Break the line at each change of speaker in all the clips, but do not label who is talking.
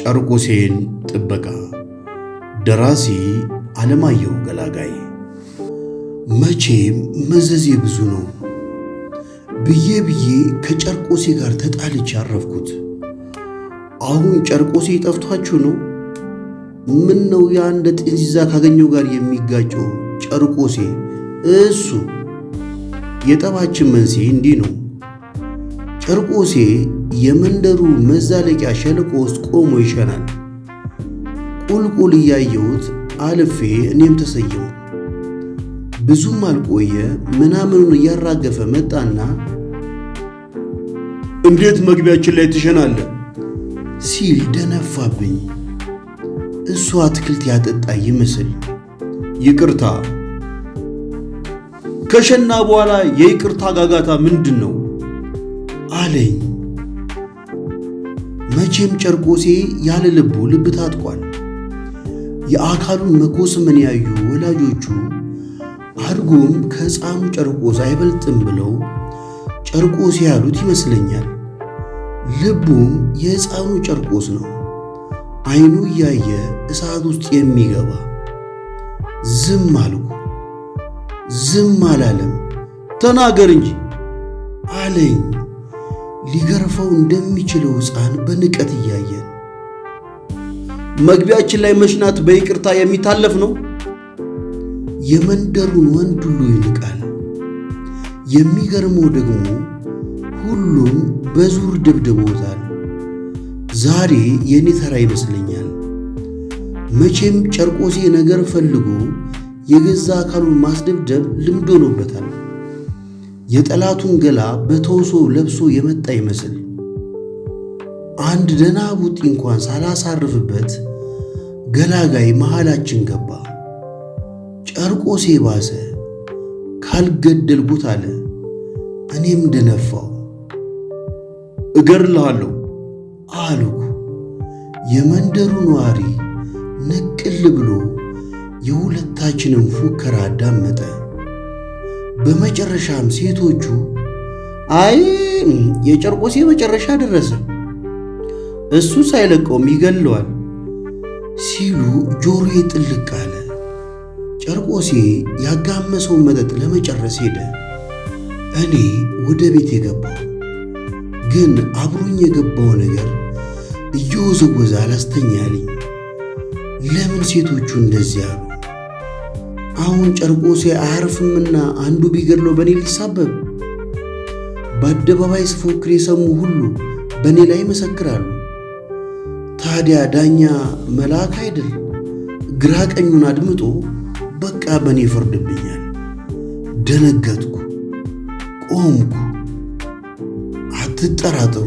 ጨርቆሴን ጥበቃ ደራሲ አለማየሁ ገላጋይ። መቼም መዘዜ ብዙ ነው ብዬ ብዬ ከጨርቆሴ ጋር ተጣልቼ አረፍኩት። አሁን ጨርቆሴ ጠፍቷችሁ ነው? ምን ነው የአንድ ጥንዚዛ ካገኘው ጋር የሚጋጨው ጨርቆሴ እሱ የጠባችን መንስኤ እንዲህ ነው። ጨርቆሴ የመንደሩ መዛለቂያ ሸለቆ ውስጥ ቆሞ ይሸናል። ቁልቁል እያየሁት አልፌ እኔም ተሰየሙ። ብዙም አልቆየ ምናምኑን እያራገፈ መጣና እንዴት መግቢያችን ላይ ትሸናለ? ሲል ደነፋብኝ። እሱ አትክልት ያጠጣ ይመስል ይቅርታ። ከሸና በኋላ የይቅርታ ጋጋታ ምንድን ነው አለኝ። መቼም ጨርቆሴ ያለ ልቡ ልብ ታጥቋል። የአካሉን ምን ያዩ ወላጆቹ አድጎም ከሕፃኑ ጨርቆስ አይበልጥም ብለው ጨርቆሴ ያሉት ይመስለኛል። ልቡም የሕፃኑ ጨርቆስ ነው፣ አይኑ እያየ እሳት ውስጥ የሚገባ። ዝም አልኩ። ዝም አላለም። ተናገር እንጂ አለኝ። ሊገርፈው እንደሚችለው ሕፃን በንቀት እያየን መግቢያችን ላይ መሽናት በይቅርታ የሚታለፍ ነው። የመንደሩን ወንድ ሁሉ ይንቃል። የሚገርመው ደግሞ ሁሉም በዙር ደብድበውታል። ዛሬ የኔ ተራ ይመስለኛል። መቼም ጨርቆሴ ነገር ፈልጎ የገዛ አካሉን ማስደብደብ ልምድ ሆኖበታል። የጠላቱን ገላ በተውሶ ለብሶ የመጣ ይመስል አንድ ደና ቡጢ እንኳን ሳላሳርፍበት ገላጋይ መሃላችን ገባ። ጨርቆሴ ባሰ፣ ካልገደልኩት አለ። እኔም ደነፋው። እገድልሃለሁ አልኩ። የመንደሩ ነዋሪ ንቅል ብሎ የሁለታችንም ፉከራ አዳመጠ። በመጨረሻም ሴቶቹ አይ የጨርቆሴ መጨረሻ ደረሰ፣ እሱ ሳይለቀውም ይገለዋል ሲሉ ጆሮዬ ጥልቅ አለ። ጨርቆሴ ያጋመሰውን መጠጥ ለመጨረስ ሄደ። እኔ ወደ ቤት የገባው ግን አብሮኝ የገባው ነገር እየወዘወዘ አላስተኛልኝ። ለምን ሴቶቹ እንደዚያ አሁን ጨርቆሴ አያርፍምና አንዱ ቢገድለው በእኔ ሊሳበብ በአደባባይ ስፎክር የሰሙ ሁሉ በእኔ ላይ ይመሰክራሉ። ታዲያ ዳኛ መልአክ አይደል? ግራ ቀኙን አድምጦ በቃ በእኔ ይፈርድብኛል። ደነገጥኩ፣ ቆምኩ። አትጠራጠሩ፣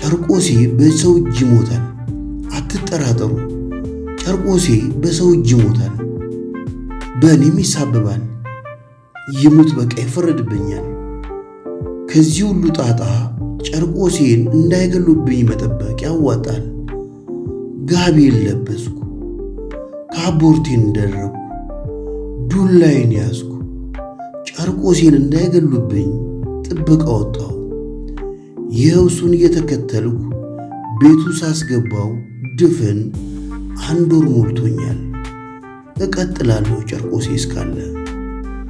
ጨርቆሴ በሰው እጅ ይሞታል። አትጠራጠሩ፣ ጨርቆሴ በሰው እጅ ይሞታል። በእኔም ይሳብባል። ይሙት በቃ ይፈረድብኛል። ከዚህ ሁሉ ጣጣ ጨርቆሴን እንዳይገሉብኝ መጠበቅ ያዋጣል። ጋቢን ለበስኩ፣ ካቦርቴን ደረብኩ፣ ዱላይን ያዝኩ። ጨርቆሴን እንዳይገሉብኝ ጥበቃ ወጣው። የውሱን እየተከተልኩ ቤቱ ሳስገባው ድፍን አንድ ወር ሞልቶኛል። እቀጥላለሁ ጨርቆሴ እስካለ